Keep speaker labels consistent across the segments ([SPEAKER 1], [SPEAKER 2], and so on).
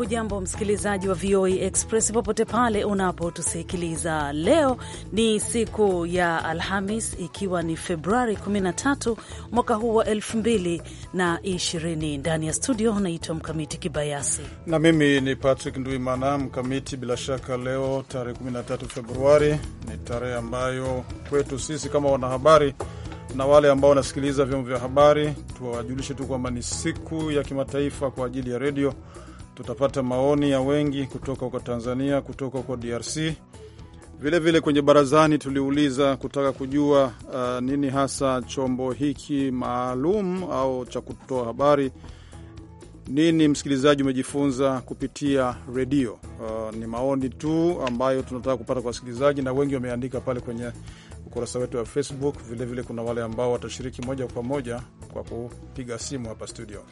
[SPEAKER 1] Hujambo msikilizaji wa VOA e Express popote pale unapotusikiliza. Leo ni siku ya Alhamis, ikiwa ni Februari 13 mwaka huu wa 2020. Ndani ya studio naitwa Mkamiti Kibayasi
[SPEAKER 2] na mimi ni Patrick Nduimana. Mkamiti, bila shaka leo tarehe 13 Februari ni tarehe ambayo kwetu sisi kama wanahabari na wale ambao wanasikiliza vyombo vya habari tuwajulishe tu kwamba ni siku ya kimataifa kwa ajili ya redio tutapata maoni ya wengi kutoka huko Tanzania, kutoka huko DRC. Vilevile vile kwenye barazani tuliuliza kutaka kujua uh, nini hasa chombo hiki maalum au cha kutoa habari, nini msikilizaji umejifunza kupitia redio. Uh, ni maoni tu ambayo tunataka kupata kwa wasikilizaji, na wengi wameandika pale kwenye ukurasa wetu wa Facebook. Vilevile vile kuna wale ambao watashiriki moja kwa moja kwa kupiga simu hapa studio.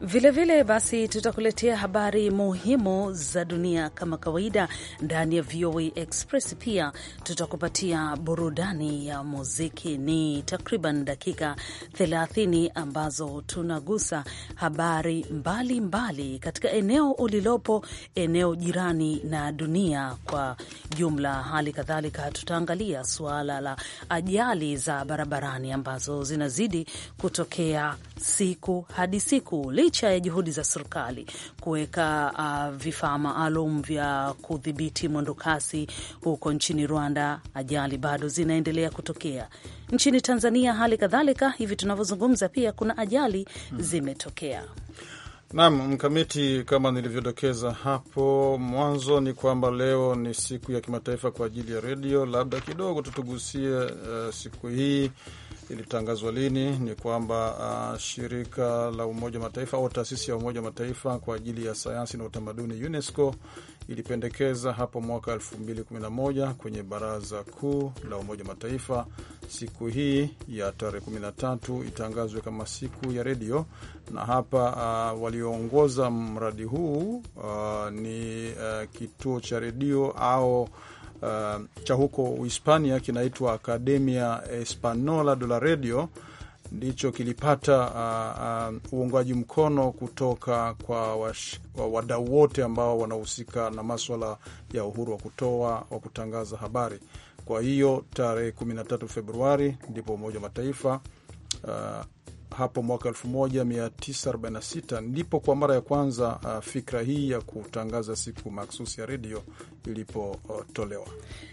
[SPEAKER 1] Vilevile vile basi, tutakuletea habari muhimu za dunia kama kawaida ndani ya VOA Express. Pia tutakupatia burudani ya muziki, ni takriban dakika 30 ambazo tunagusa habari mbalimbali mbali katika eneo ulilopo, eneo jirani na dunia kwa jumla. Hali kadhalika tutaangalia suala la ajali za barabarani ambazo zinazidi kutokea siku hadi siku, licha ya juhudi za serikali kuweka uh, vifaa maalum vya kudhibiti mwendokasi huko nchini Rwanda, ajali bado zinaendelea kutokea nchini Tanzania. Hali kadhalika hivi tunavyozungumza, pia kuna ajali hmm. zimetokea.
[SPEAKER 2] Naam, mkamiti, kama nilivyodokeza hapo mwanzo, ni kwamba leo ni siku ya kimataifa kwa ajili ya redio. Labda kidogo tutugusie uh, siku hii ilitangazwa lini. Ni kwamba uh, shirika la Umoja Mataifa au taasisi ya Umoja Mataifa kwa ajili ya sayansi na utamaduni UNESCO ilipendekeza hapo mwaka 2011 kwenye Baraza Kuu la Umoja Mataifa siku hii ya tarehe 13 itangazwe kama siku ya redio, na hapa uh, walioongoza mradi huu uh, ni uh, kituo cha redio au uh, cha huko Uhispania kinaitwa Academia Espanola de la Radio ndicho kilipata uh, uh, uungwaji mkono kutoka kwa wadau wote ambao wanahusika na maswala ya uhuru wa kutoa wa kutangaza habari. Kwa hiyo tarehe 13 Februari ndipo Umoja wa Mataifa uh, hapo mwaka 1946 ndipo kwa mara ya kwanza uh, fikra hii ya kutangaza siku maksusi ya redio ilipotolewa.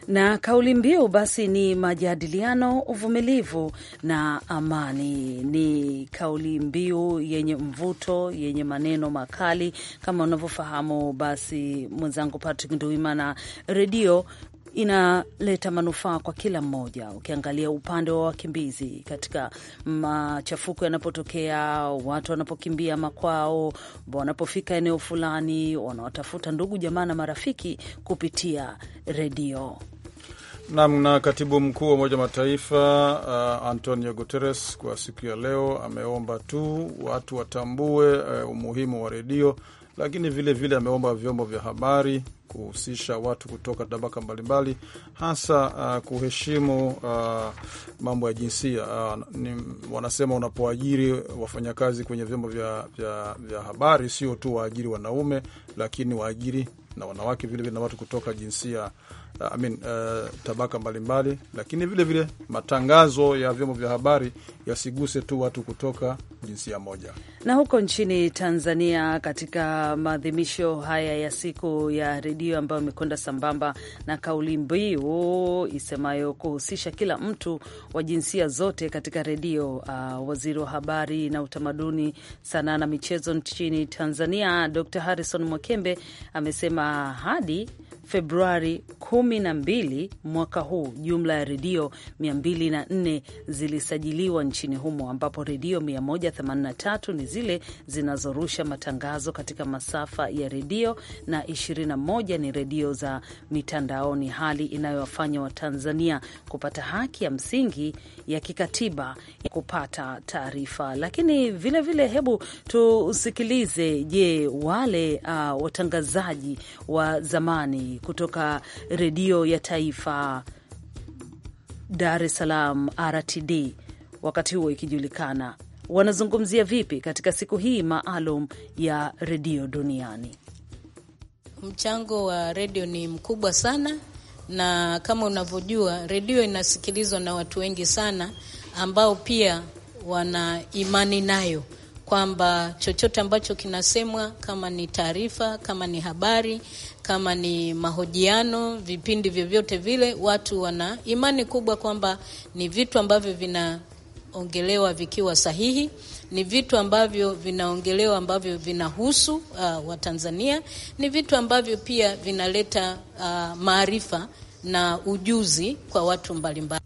[SPEAKER 1] Na kauli mbiu basi ni majadiliano, uvumilivu na amani. Ni kauli mbiu yenye mvuto, yenye maneno makali kama unavyofahamu. Basi mwenzangu Patrick Nduimana, redio inaleta manufaa kwa kila mmoja. Ukiangalia upande wa wakimbizi, katika machafuko yanapotokea, watu wanapokimbia makwao, wanapofika eneo fulani, wanawatafuta ndugu jamaa na marafiki kupitia redio.
[SPEAKER 2] Nam na katibu mkuu wa Umoja Mataifa uh, Antonio Guterres kwa siku ya leo ameomba tu watu watambue uh, umuhimu wa redio, lakini vilevile vile ameomba vyombo vya habari kuhusisha watu kutoka tabaka mbalimbali, hasa uh, kuheshimu uh, mambo ya jinsia uh, ni, wanasema unapoajiri wafanyakazi kwenye vyombo vya, vya, vya habari sio tu waajiri wanaume, lakini waajiri na wanawake vilevile na watu kutoka jinsia Uh, I mean, uh, tabaka mbalimbali mbali, lakini vilevile vile, matangazo ya vyombo vya habari yasiguse tu watu kutoka jinsia moja.
[SPEAKER 1] Na huko nchini Tanzania, katika maadhimisho haya ya siku ya redio ambayo imekwenda sambamba na kauli mbiu isemayo kuhusisha kila mtu wa jinsia zote katika redio, uh, waziri wa habari na utamaduni, sanaa na michezo nchini Tanzania Dr. Harrison Mwakembe amesema hadi Februari 12 mwaka huu, jumla ya redio 204 zilisajiliwa nchini humo, ambapo redio 183 ni zile zinazorusha matangazo katika masafa ya redio na 21 ni redio za mitandaoni, hali inayowafanya Watanzania kupata haki ya msingi ya kikatiba ya kupata taarifa. Lakini vilevile vile, hebu tusikilize. Je, wale uh, watangazaji wa zamani kutoka redio ya taifa Dar es Salaam, RTD, wakati huo ikijulikana. Wanazungumzia vipi katika siku hii maalum ya redio duniani? Mchango wa redio ni mkubwa sana, na kama unavyojua redio inasikilizwa na watu wengi sana ambao pia wana imani nayo kwamba chochote ambacho kinasemwa, kama ni taarifa, kama ni habari, kama ni mahojiano, vipindi vyovyote vile, watu wana imani kubwa kwamba ni vitu ambavyo vinaongelewa vikiwa sahihi, ni vitu ambavyo vinaongelewa ambavyo vinahusu uh, Watanzania, ni vitu ambavyo pia vinaleta uh, maarifa na ujuzi kwa watu mbalimbali.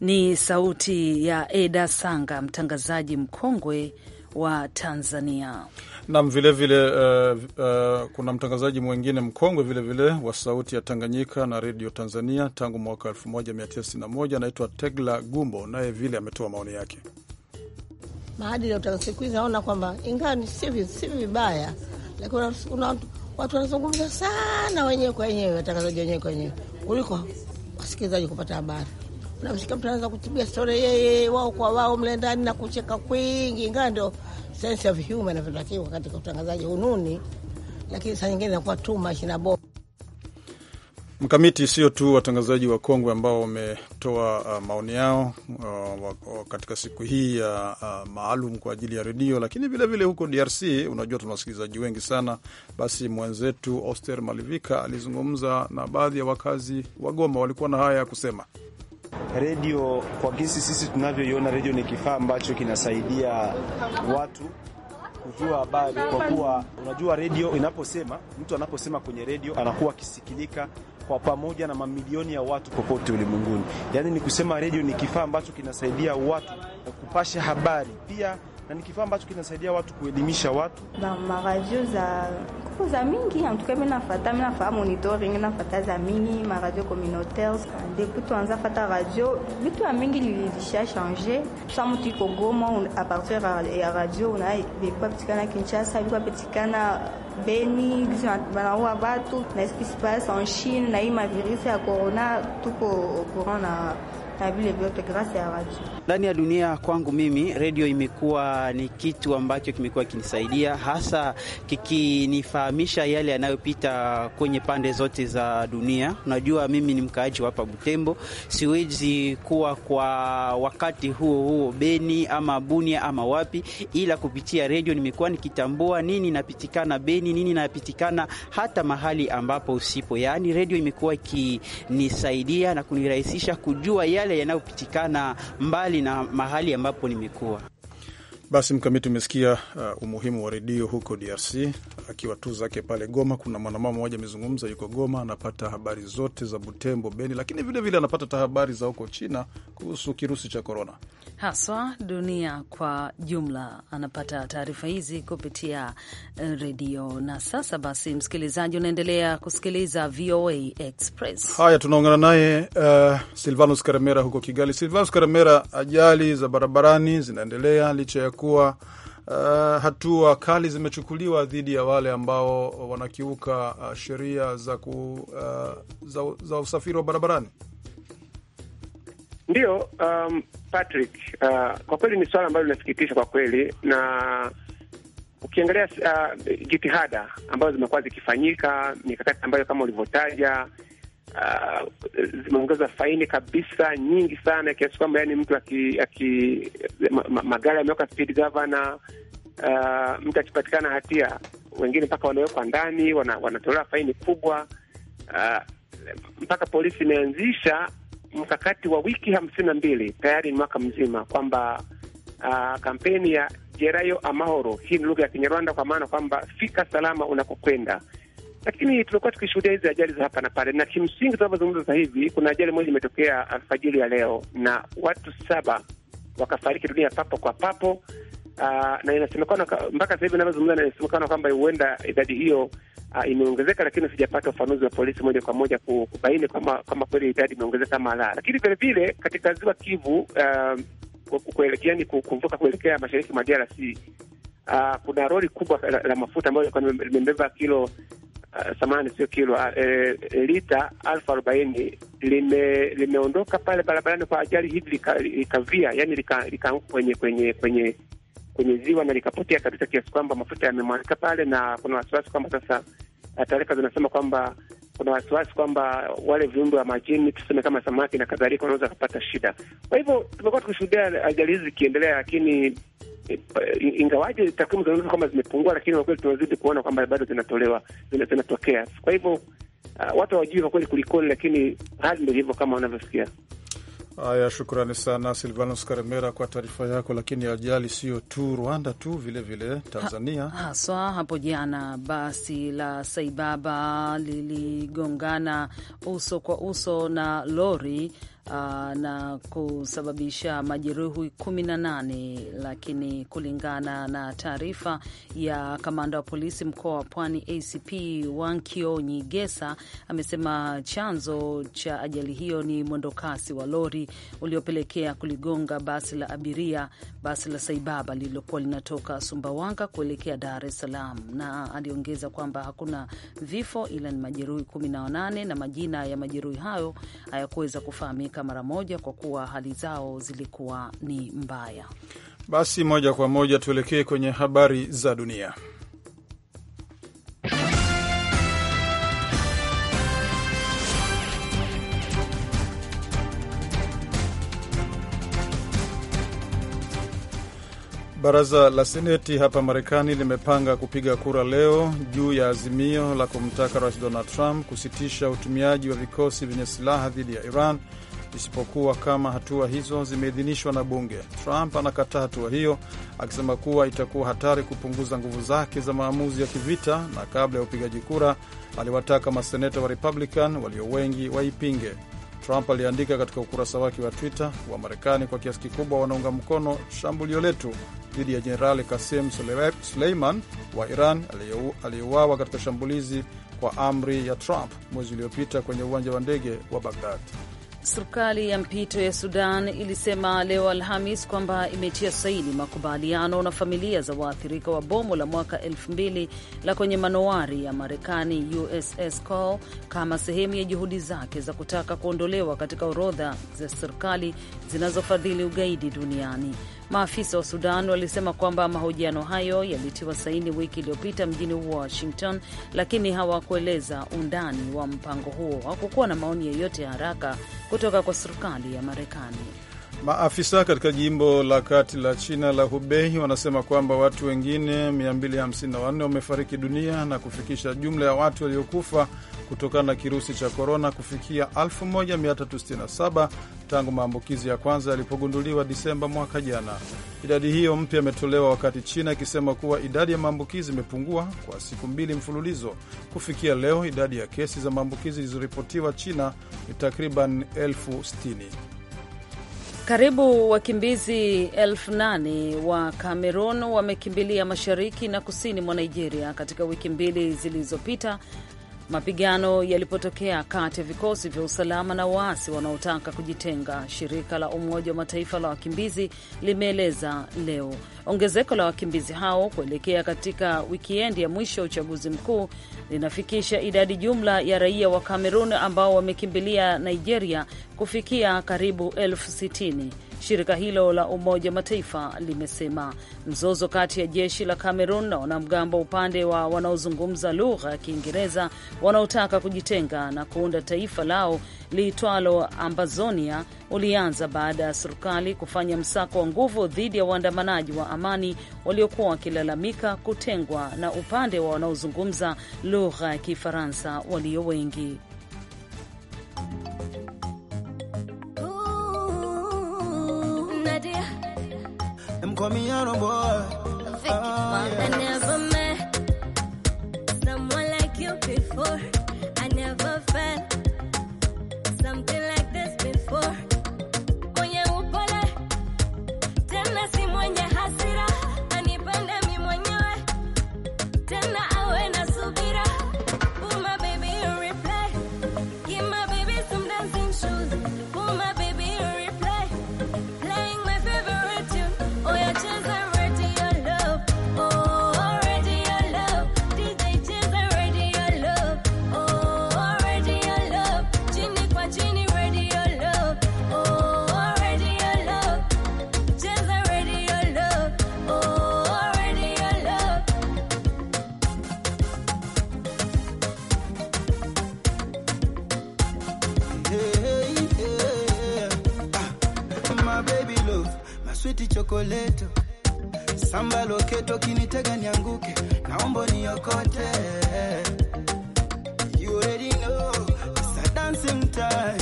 [SPEAKER 1] Ni sauti ya Eda Sanga, mtangazaji mkongwe wa Tanzania.
[SPEAKER 2] Nam vile vile uh, uh, kuna mtangazaji mwengine mkongwe vile vile wa Sauti ya Tanganyika na Redio Tanzania tangu mwaka 1961 anaitwa Tegla Gumbo, naye vile ametoa maoni yake.
[SPEAKER 1] Maadili ya utangazaji siku hizi naona kwamba ingawa ni si vibaya, lakini watu wanazungumza sana wenyewe kwa wenyewe, watangazaji wenyewe kwa wenyewe kuliko wasikilizaji kupata habari. Unamsikia mtu anaweza kutibia stori yeye wao kwa wao mle ndani na kucheka kwingi, ingawa ndio sense of humor inavyotakiwa katika utangazaji ununi, lakini saa nyingine inakuwa too much na bo
[SPEAKER 2] mkamiti sio tu watangazaji wa kongwe ambao wametoa uh, maoni yao uh, katika siku hii ya uh, maalum kwa ajili ya redio, lakini vilevile huko DRC unajua tuna wasikilizaji wengi sana. Basi mwenzetu Oster Malivika alizungumza na baadhi ya wakazi wa Goma, walikuwa na haya ya kusema. Redio kwa gisi sisi tunavyoiona, redio ni kifaa ambacho kinasaidia watu kujua habari, kwa kuwa unajua redio inaposema, mtu anaposema kwenye redio anakuwa akisikilika kwa pamoja na mamilioni ya watu popote ulimwenguni. Yaani ni kusema redio ni kifaa ambacho kinasaidia watu kupasha habari pia na ni kifaa ambacho kinasaidia watu kuelimisha watu
[SPEAKER 1] ba maradio za kuko za mingi antuka, mimi nafata mimi nafaa monitoring nafata za mingi maradio communautaires depuis tuanza fata radio vitu ya mingi lilisha changer sa mtu iko Goma a partir ya radio na vilikuwa pitikana Kinshasa vilikuwa pitikana Beni banaua watu na ce en Chine na hii mavirisi ya corona tuko courant na na vile vyote grasi ya watu
[SPEAKER 2] ndani ya dunia. Kwangu mimi redio imekuwa ni kitu ambacho kimekuwa kinisaidia hasa kikinifahamisha yale yanayopita kwenye pande zote za dunia. Unajua, mimi ni mkaaji wa hapa Butembo, siwezi kuwa kwa wakati huo huo Beni ama Bunia ama wapi, ila kupitia redio nimekuwa nikitambua nini napitikana Beni, nini napitikana hata mahali ambapo usipo. Yaani redio imekuwa ikinisaidia na kunirahisisha kujua yale yale yanayopitikana mbali na mahali ambapo nimekuwa. Basi Mkamiti, umesikia uh, umuhimu wa redio huko DRC. Akiwa tu zake pale Goma, kuna mwanamama mmoja amezungumza, yuko Goma, anapata habari zote za Butembo, Beni, lakini vilevile vile anapata ta habari za huko China kuhusu kirusi cha korona,
[SPEAKER 1] haswa dunia kwa jumla. Anapata taarifa hizi kupitia uh, redio. Na sasa basi, msikilizaji, unaendelea kusikiliza VOA Express.
[SPEAKER 2] Haya, tunaongana naye uh, Silvanus Karemera huko Kigali. Silvanus Karemera, ajali za barabarani zinaendelea licha ya kuwa uh, eh, hatua kali zimechukuliwa dhidi ya wale ambao wanakiuka uh, sheria za, ku, uh, za, za usafiri wa barabarani?
[SPEAKER 3] ndio um, Patrick, uh, kwa kweli ni swala ambalo linasikitisha kwa kweli, na ukiangalia uh, jitihada ambazo zimekuwa zikifanyika, mikakati ambayo kama ulivyotaja uh, zimeongeza faini kabisa nyingi sana, kiasi kwamba yani mtu aki, aki ma, magari yameweka speed governor uh, mtu akipatikana hatia wengine mpaka wanawekwa ndani, wana, wanatolewa faini kubwa uh, mpaka polisi imeanzisha mkakati wa wiki hamsini na mbili tayari ni mwaka mzima, kwamba uh, kampeni ya Gerayo Amahoro, hii ni lugha ya Kinyarwanda kwa maana kwamba fika salama unakokwenda lakini tumekuwa tukishuhudia hizi ajali za hapa na pale, na kimsingi tunavyozungumza sasa hivi kuna ajali moja imetokea alfajiri ya leo na watu saba wakafariki dunia papo kwa papo. Uh, na inasemekana mpaka sasa hivi inavyozungumza, inasemekana kwamba huenda idadi hiyo uh, imeongezeka, lakini sijapata ufanuzi wa polisi moja kwa moja kubaini kwamba kama kweli idadi imeongezeka ama la. Lakini vile vile katika ziwa Kivu uh, kuelekea ni kuvuka kuelekea mashariki mwa DRC uh, kuna lori kubwa la, la mafuta ambayo limebeba kilo Eh, samani sio kilo eh, eh, lita elfu arobaini lime, limeondoka pale barabarani kwa ajali hivi lika, likavia yani likaanguka lika kwenye kwenye kwenye kwenye ziwa na likapotea kabisa, kiasi kwamba mafuta yamemwagika pale, na kuna wasiwasi kwamba sasa eh, taarifa zinasema kwamba kuna wasiwasi kwamba wale viumbe wa majini tuseme kama samaki na kadhalika wanaweza kupata shida. Kwa hivyo tumekuwa tukishuhudia ajali hizi zikiendelea, lakini eh, ingawaje takwimu zinaonyesha kwamba zimepungua, lakini kwa kweli tunazidi kuona kwamba bado zinatolewa, zinatokea. Kwa hivyo uh, watu hawajui kwa kweli kulikoni, lakini hali ndio hivyo kama wanavyosikia.
[SPEAKER 2] Haya, shukrani sana Silvanus Karemera kwa taarifa yako. Lakini ajali siyo tu Rwanda tu vilevile vile, Tanzania
[SPEAKER 1] haswa ha, hapo jana basi la Saibaba liligongana uso kwa uso na lori Ah, na kusababisha majeruhi 18 lakini kulingana na taarifa ya kamanda wa polisi mkoa wa Pwani ACP Wankio Nyigesa amesema chanzo cha ajali hiyo ni mwendokasi wa lori uliopelekea kuligonga basi la abiria, basi la Saibaba lililokuwa linatoka Sumbawanga kuelekea Dar es Salaam, na aliongeza kwamba hakuna vifo ila ni majeruhi 18 na majina ya majeruhi hayo hayakuweza kufahamika kutoweka mara moja kwa kuwa hali zao zilikuwa ni mbaya.
[SPEAKER 2] Basi moja kwa moja tuelekee kwenye habari za dunia. Baraza la Seneti hapa Marekani limepanga kupiga kura leo juu ya azimio la kumtaka Rais Donald Trump kusitisha utumiaji wa vikosi vyenye silaha dhidi ya Iran isipokuwa kama hatua hizo zimeidhinishwa na bunge. Trump anakataa hatua hiyo akisema kuwa itakuwa hatari kupunguza nguvu zake za maamuzi ya kivita, na kabla ya upigaji kura aliwataka maseneta wa Republican walio wengi waipinge. Trump aliandika katika ukurasa wake wa Twitter, marekani kwa kiasi kikubwa wanaunga mkono shambulio letu dhidi ya Jenerali Kasim Suleiman wa Iran aliyeuawa katika shambulizi kwa amri ya Trump mwezi uliopita kwenye uwanja wa ndege wa Bagdad.
[SPEAKER 1] Serikali ya mpito ya Sudan ilisema leo Alhamis kwamba imetia saini makubaliano na familia za waathirika wa bomu la mwaka 2000 la kwenye manowari ya Marekani USS Cole kama sehemu ya juhudi zake za kutaka kuondolewa katika orodha za serikali zinazofadhili ugaidi duniani. Maafisa wa Sudan walisema kwamba mahojiano hayo yalitiwa saini wiki iliyopita mjini Washington, lakini hawakueleza undani wa mpango huo. Hakukuwa na maoni yoyote ya haraka kutoka kwa serikali ya Marekani.
[SPEAKER 2] Maafisa katika jimbo la kati la China la Hubei wanasema kwamba watu wengine 254 wamefariki dunia na kufikisha jumla ya watu waliokufa kutokana na kirusi cha korona kufikia 1367 tangu maambukizi ya kwanza yalipogunduliwa Disemba mwaka jana. Idadi hiyo mpya imetolewa wakati China ikisema kuwa idadi ya maambukizi imepungua kwa siku mbili mfululizo. Kufikia leo, idadi ya kesi za maambukizi zilizoripotiwa China ni takriban elfu sitini.
[SPEAKER 1] Karibu wakimbizi elfu nane wa Cameroon wamekimbilia mashariki na kusini mwa Nigeria katika wiki mbili zilizopita mapigano yalipotokea kati ya vikosi vya usalama na waasi wanaotaka kujitenga, shirika la Umoja wa Mataifa la wakimbizi limeeleza leo. Ongezeko la wakimbizi hao kuelekea katika wikiendi ya mwisho ya uchaguzi mkuu linafikisha idadi jumla ya raia wa Kamerun ambao wamekimbilia Nigeria kufikia karibu elfu sitini. Shirika hilo la Umoja Mataifa limesema mzozo kati ya jeshi la Cameroon na wanamgambo upande wa wanaozungumza lugha ya Kiingereza wanaotaka kujitenga na kuunda taifa lao liitwalo Ambazonia ulianza baada ya serikali kufanya msako wa nguvu dhidi ya waandamanaji wa amani waliokuwa wakilalamika kutengwa na upande wa wanaozungumza lugha ya Kifaransa walio wengi.
[SPEAKER 2] kitu kinitega nianguke, naomba niokote. You already know it's a dancing time.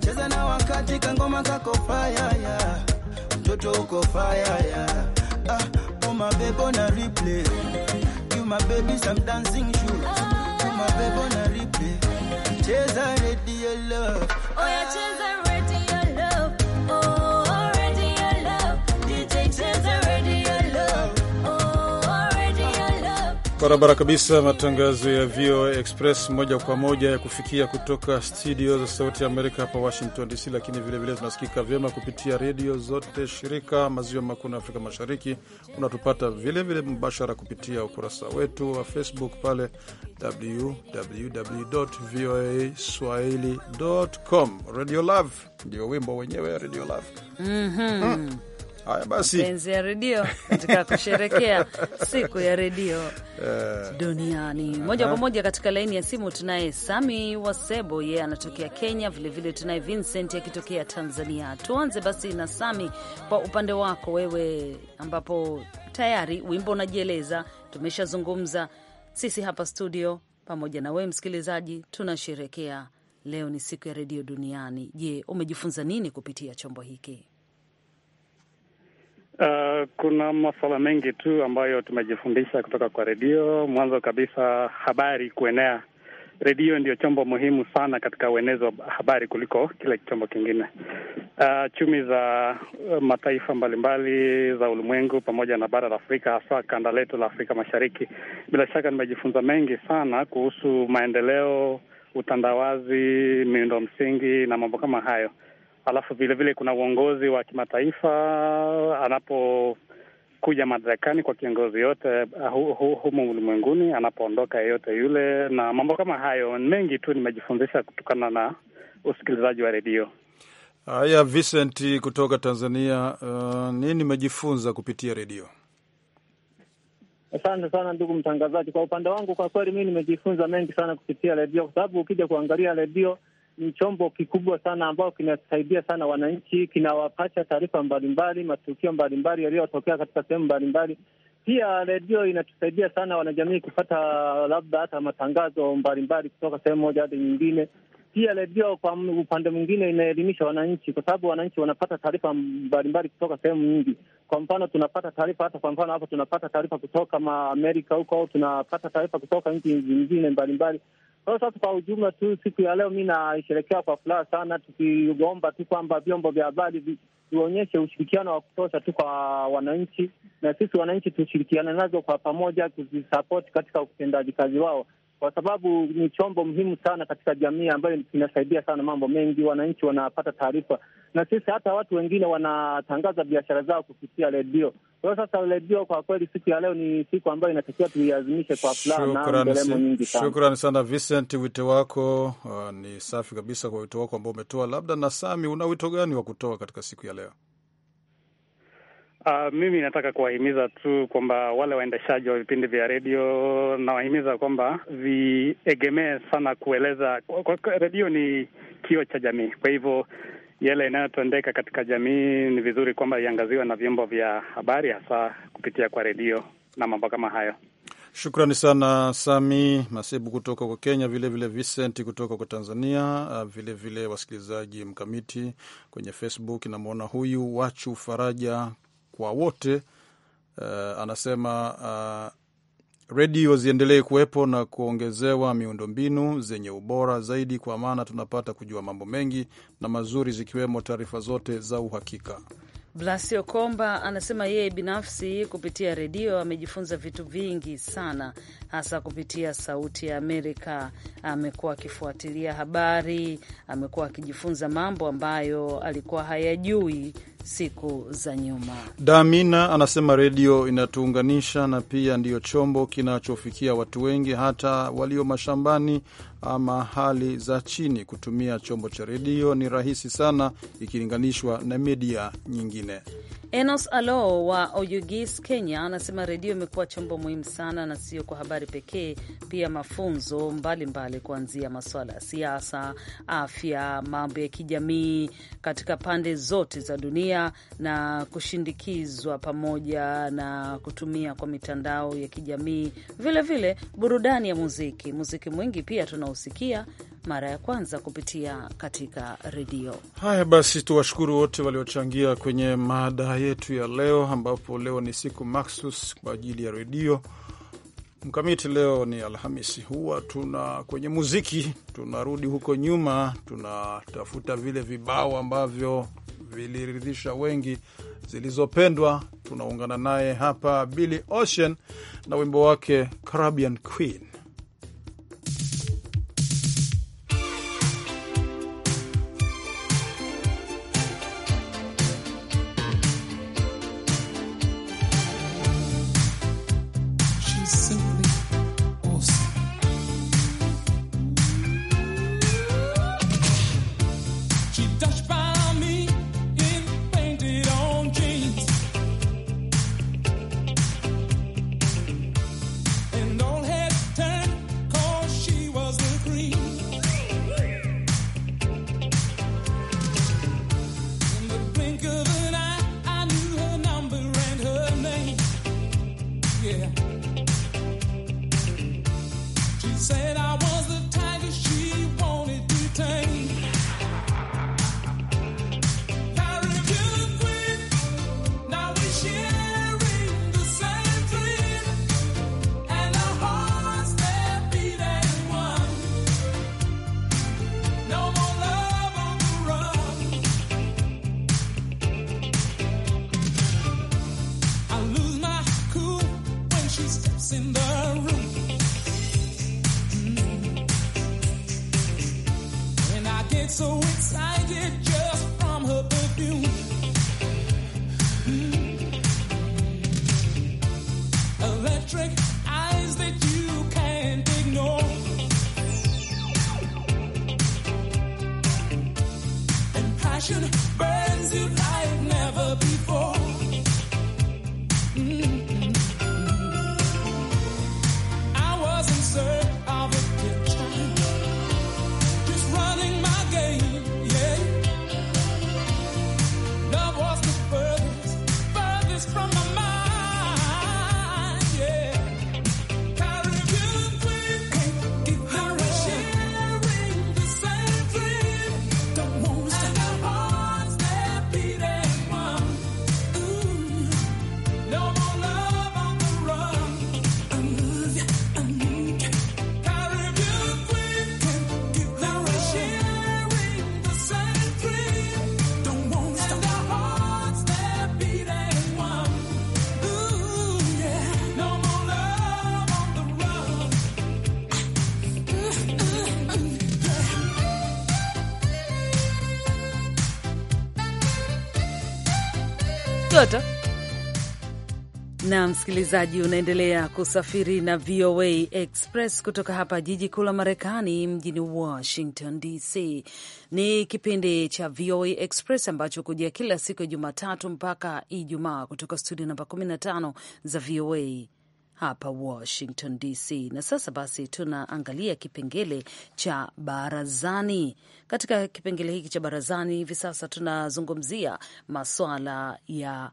[SPEAKER 2] Cheza na wakati kangoma kako fire ya mtoto uko fire ya ah, oh my baby on a replay. You my baby some dancing shoes. Oh my baby on a replay. Cheza ready your love. Oh yeah, cheza Barabara kabisa, matangazo ya VOA Express moja kwa moja ya kufikia kutoka studio za Sauti ya Amerika hapa Washington DC, lakini vilevile tunasikika vyema kupitia redio zote shirika maziwa makuu na Afrika Mashariki. Unatupata vilevile mbashara kupitia ukurasa wetu wa Facebook pale www voa swahili com. Radio Love ndio wimbo wenyewe, Radio Love
[SPEAKER 1] mm -hmm. mm.
[SPEAKER 2] Haya basi, mapenzi
[SPEAKER 1] ya redio katika kusherekea siku ya redio uh, duniani moja kwa moja. Katika laini ya simu tunaye Sami Wasebo, yeye yeah, anatokea Kenya. Vilevile tunaye Vincent akitokea Tanzania. Tuanze basi na Sami, kwa upande wako wewe, ambapo tayari wimbo unajieleza tumeshazungumza sisi hapa studio pamoja na wewe msikilizaji, tunasherekea leo ni siku ya redio duniani. Je, umejifunza nini kupitia chombo hiki?
[SPEAKER 4] Uh, kuna masuala mengi tu ambayo tumejifundisha kutoka kwa redio. Mwanzo kabisa, habari kuenea. Redio ndio chombo muhimu sana katika uenezi wa habari kuliko kila chombo kingine. Uh, chumi za eh, mataifa mbalimbali za ulimwengu pamoja na bara la Afrika, hasa kanda letu la Afrika Mashariki, bila shaka nimejifunza mengi sana kuhusu maendeleo, utandawazi, miundo msingi na mambo kama hayo alafu vilevile vile kuna uongozi wa kimataifa anapokuja madarakani kwa kiongozi yote eh, humu ulimwenguni, anapoondoka yeyote yule, na mambo kama hayo mengi tu nimejifundisha kutokana na usikilizaji wa redio.
[SPEAKER 2] Haya, Vincent kutoka Tanzania, uh, nini nimejifunza kupitia redio?
[SPEAKER 5] Asante sana ndugu mtangazaji. Kwa upande wangu, kwa kweli mi nimejifunza mengi sana kupitia redio, kwa sababu ukija kuangalia redio ni chombo kikubwa sana ambao kinasaidia sana wananchi, kinawapasha taarifa mbalimbali, matukio mbalimbali yaliyotokea katika sehemu mbalimbali. Pia redio inatusaidia sana wanajamii kupata labda hata matangazo mbalimbali kutoka sehemu moja hadi nyingine. Pia redio kwa upande mwingine inaelimisha wananchi, kwa sababu wananchi wanapata taarifa mbalimbali kutoka sehemu nyingi. Kwa mfano, tunapata taarifa hata, kwa mfano hapo tunapata taarifa kutoka Amerika huko, au tunapata taarifa kutoka nchi zingine mbalimbali. Sasa kwa ujumla tu, siku ya leo mi naisherekea kwa furaha sana, tukiomba tu kwamba vyombo vya habari vionyeshe ushirikiano wa kutosha tu kwa wananchi, na sisi wananchi tushirikiane nazo kwa pamoja kuzisapoti katika utendaji kazi wao, kwa sababu ni chombo muhimu sana katika jamii ambayo inasaidia sana mambo mengi. Wananchi wanapata taarifa, na sisi hata watu wengine wanatangaza biashara zao kupitia redio kwa hiyo sasa kwa kweli siku ya leo ni siku ambayo inatakiwa tuiazimishe kwa furaha na nyingi sana.
[SPEAKER 2] Shukrani sana Vincent, wito wako uh, ni safi kabisa kwa wito wako ambao umetoa. Labda na Sami, una wito gani wa kutoa katika siku ya leo?
[SPEAKER 4] Uh, mimi nataka kuwahimiza tu kwamba wale waendeshaji wa vipindi vya redio nawahimiza kwamba viegemee sana kueleza. Redio ni kio cha jamii, kwa hivyo yale yanayotendeka katika jamii ni vizuri kwamba iangaziwe na vyombo vya habari, hasa kupitia kwa redio
[SPEAKER 2] na mambo kama hayo. Shukrani sana Sami Masibu kutoka kwa Kenya, vilevile Vicenti kutoka kwa Tanzania, vilevile ah, wasikilizaji mkamiti kwenye Facebook. Namwona huyu Wachu Faraja kwa wote, uh, anasema uh, redio ziendelee kuwepo na kuongezewa miundombinu zenye ubora zaidi, kwa maana tunapata kujua mambo mengi na mazuri, zikiwemo taarifa zote za uhakika.
[SPEAKER 1] Blasio Komba anasema yeye binafsi kupitia redio amejifunza vitu vingi sana, hasa kupitia Sauti ya Amerika. Amekuwa akifuatilia habari, amekuwa akijifunza mambo ambayo alikuwa hayajui siku za nyuma.
[SPEAKER 2] Damina anasema redio inatuunganisha na pia ndiyo chombo kinachofikia watu wengi, hata walio mashambani ama hali za chini kutumia chombo cha redio ni rahisi sana ikilinganishwa na media nyingine.
[SPEAKER 1] Enos Alo wa Oyugis, Kenya, anasema redio imekuwa chombo muhimu sana, na sio kwa habari pekee, pia mafunzo mbalimbali mbali, kuanzia masuala ya siasa, afya, mambo ya kijamii katika pande zote za dunia, na kushindikizwa pamoja na kutumia kwa mitandao ya kijamii vilevile, burudani ya muziki. Muziki mwingi pia tuna unaosikia mara ya kwanza kupitia katika redio.
[SPEAKER 2] Haya basi, tuwashukuru wote waliochangia kwenye mada yetu ya leo, ambapo leo ni siku maksus kwa ajili ya redio mkamiti. Leo ni Alhamisi, huwa tuna kwenye muziki, tunarudi huko nyuma, tunatafuta vile vibao ambavyo viliridhisha wengi, zilizopendwa. Tunaungana naye hapa Billy Ocean na wimbo wake Caribbean Queen.
[SPEAKER 1] passion burns you like never before. mtoto na msikilizaji, unaendelea kusafiri na VOA Express kutoka hapa jiji kuu la Marekani, mjini Washington DC. Ni kipindi cha VOA Express ambacho kujia kila siku ya Jumatatu mpaka Ijumaa kutoka studio namba 15 za VOA hapa Washington DC. Na sasa basi, tunaangalia kipengele cha barazani. Katika kipengele hiki cha barazani, hivi sasa tunazungumzia maswala ya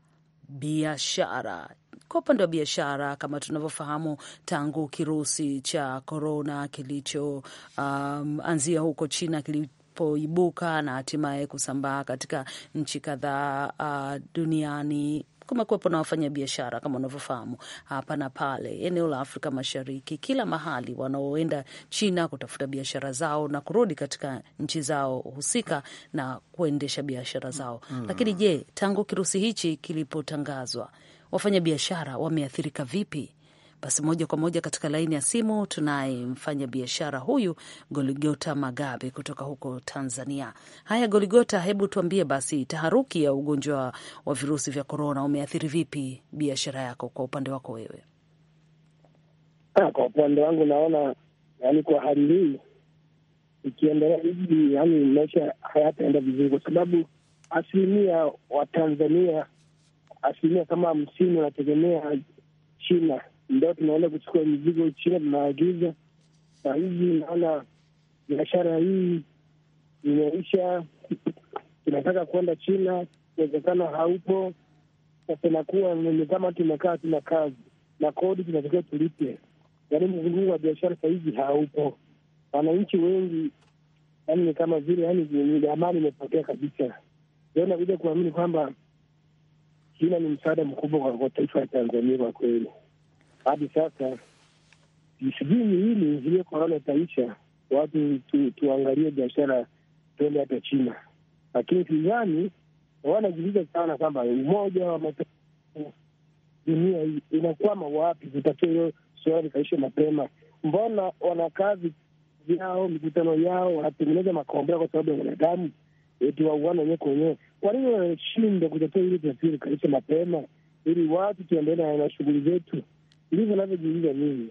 [SPEAKER 1] biashara kwa upande wa biashara, kama tunavyofahamu, tangu kirusi cha korona kilichoanzia um, huko China kilipoibuka na hatimaye kusambaa katika nchi kadhaa uh, duniani kumekuwepo na wafanyabiashara kama unavyofahamu hapa na pale, eneo la Afrika Mashariki, kila mahali, wanaoenda China kutafuta biashara zao na kurudi katika nchi zao husika na kuendesha biashara zao mm. Lakini je, tangu kirusi hichi kilipotangazwa, wafanyabiashara wameathirika vipi? Basi moja kwa moja katika laini ya simu tunaye mfanya biashara huyu Goligota Magabe kutoka huko Tanzania. Haya Goligota, hebu tuambie basi, taharuki ya ugonjwa wa virusi vya korona umeathiri vipi biashara yako kwa upande wako wewe?
[SPEAKER 6] Ha, ah, kwa upande wangu naona yani kwa hali hii ikiendelea hivi, yani maisha hayataenda vizuri, kwa sababu asilimia wa tanzania asilimia kama hamsini wanategemea China ndo tunaenda kuchukua mizigo China, tunaagiza saa hizi. Naona biashara hii imeisha, tunataka kuenda China, uwezekano haupo. Sasa inakuwa ni kama tumekaa tuna kazi na kodi tunatakiwa tulipe, yaani mzunguko wa biashara sahizi haupo. Wananchi wengi yaani ni kama vile yaani amani imepotea kabisa. Ndio nakuja kuamini kwamba China ni msaada mkubwa kwa taifa la Tanzania kwa kweli hadi sasa sijui hili vile korona itaisha, watu tu, tuangalie biashara tuende hata China, lakini sidhani wanajiuliza sana kwamba umoja wa mataifa dunia inakwama wapi, kutakia hiyo suala likaisha mapema. Mbona wanakaa yao mikutano yao wanatengeneza makombea kwa sababu ya mwanadamu eti wauana wenyewe kwa wenyewe. Kwa nini wanashindwa kutatua hili tatizo likaishe mapema, ili watu tuendelee na shughuli zetu? ndivyo navyojiuliza mimi.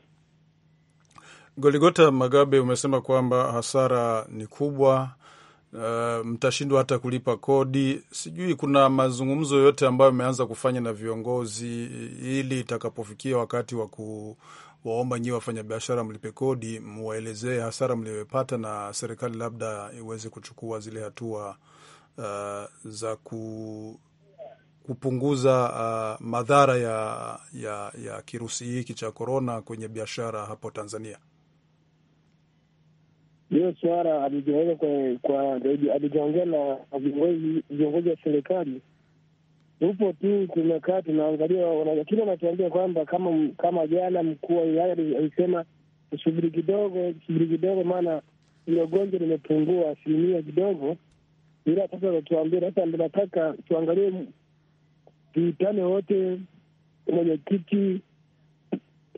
[SPEAKER 2] Goligota Magabe, umesema kwamba hasara ni kubwa, uh, mtashindwa hata kulipa kodi. Sijui kuna mazungumzo yote ambayo ameanza kufanya na viongozi, ili itakapofikia wakati wa kuwaomba nyiwe wafanyabiashara mlipe kodi, mwaelezee hasara mliyopata, na serikali labda iweze kuchukua zile hatua uh, za ku kupunguza uh, madhara ya, ya, ya kirusi hiki cha korona kwenye biashara hapo Tanzania?
[SPEAKER 6] Hiyo suara alijaweza kwa zaidi, alijaongea na viongozi wa serikali. Tupo tu tumekaa tunaangalia, lakini wanatuambia kwamba kama kama jana mkuu wa wilaya alisema subiri kidogo, subiri kidogo, maana ile ugonjwa limepungua asilimia kidogo, ila sasa natuambia sasa, ndio nataka tuangalie tuitane wote, mwenyekiti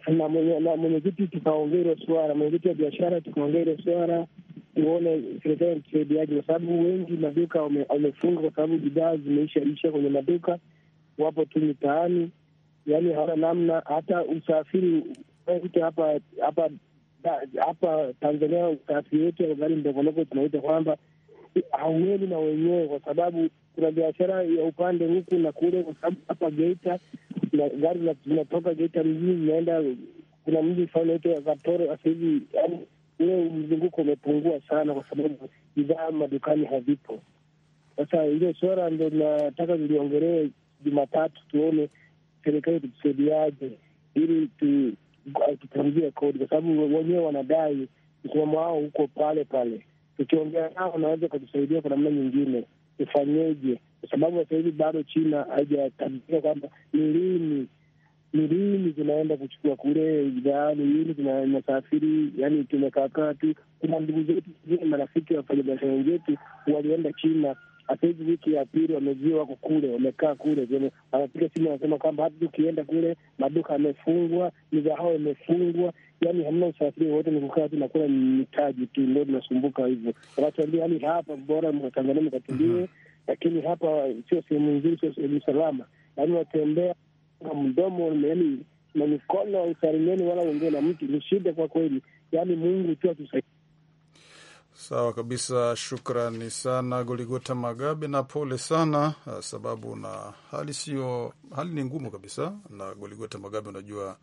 [SPEAKER 6] na mwenyekiti tukaongea hilo swala, mwenyekiti wa biashara tukaongea hilo swala, tuone serikali yatusaidiaje, kwa sababu wengi maduka wamefunga kwa sababu bidhaa zimeishaisha kwenye maduka, wapo tu mitaani, yaani hawana namna. Hata usafiri kuta hapa hapa hapa Tanzania, usafiri wetu wa gari ndogondogo tunaita kwamba hauweni na wenyewe, kwa sababu kuna biashara ya upande huku na kule, kwa sababu hapa Geita na gari zinatoka Geita mjini zinaenda, kuna mji unaitwa Katoro sasa hivi, yaani ule mzunguko umepungua sana, kwa sababu bidhaa madukani havipo. Sasa hilo swala ndo nataka liliongelee Jumatatu, tuone serikali tutusaidiaje ili tupunguzie kodi, kwa sababu wenyewe wanadai msimamo wao huko pale pale. Tukiongea nao wanaweza ukatusaidia kwa namna nyingine ifanyeje, Kwa sababu sasa hivi bado China haijatambulika kwamba ni lini ni lini zinaenda kuchukua kule bidhaani, lini zinasafiri. Yani tumekaakaa tu. Kuna ndugu zetu marafiki, biashara wenzetu walienda China hata hizi wiki ya pili wameziwa wako kule, wamekaa kule, wanapiga simu wanasema kwamba hata ukienda kule maduka yamefungwa, migahawa imefungwa, yani hamna usafiri wowote, ni kukaa tu nakula mitaji tu, ndo tunasumbuka hivyo. Wakatuambia yani hapa bora mkatangalia mkatulie, mhm. lakini hapa sio sehemu nzuri, sio sehemu salama, yani watembea mdomo yani na mikono, usalimieni wala uongee na mtu, ni shida kwa kweli. Yani Mungu tu atusaidie.
[SPEAKER 2] Sawa kabisa, shukrani sana Goligota Magabe, na pole sana ah, sababu na hali sio hali, ni ngumu kabisa. Na Goligota Magabe, unajua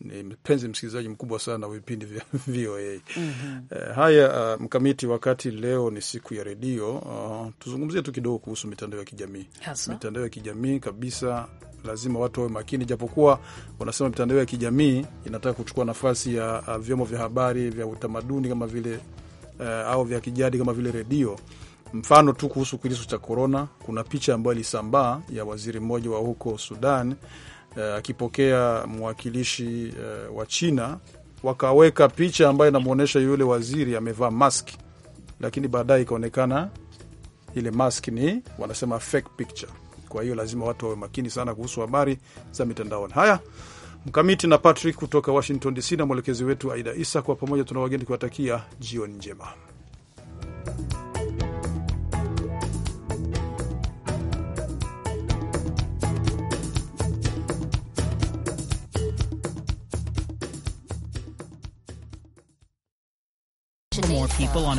[SPEAKER 2] ni mpenzi msikilizaji mkubwa sana wa vipindi vya VOA. mm -hmm. E, eh, haya uh, Mkamiti, wakati leo ni siku ya redio uh, tuzungumzie tu kidogo kuhusu mitandao ya kijamii. Mitandao ya kijamii kabisa, lazima watu wawe makini, japokuwa wanasema mitandao ya kijamii inataka kuchukua nafasi ya vyombo vya habari vya utamaduni kama vile uh, au vya kijadi kama vile redio. Mfano tu kuhusu kirusi cha korona, kuna picha ambayo ilisambaa ya waziri mmoja wa huko Sudan eh, akipokea uh, mwakilishi uh, wa China, wakaweka picha ambayo inamwonyesha yule waziri amevaa mask, lakini baadaye ikaonekana ile mask ni wanasema fake picture. Kwa hiyo lazima watu wawe makini sana kuhusu habari za mitandaoni. Haya. Mkamiti na Patrick kutoka Washington DC na mwelekezi wetu Aida Isa. Kwa pamoja tuna wageni kuwatakia jioni njema.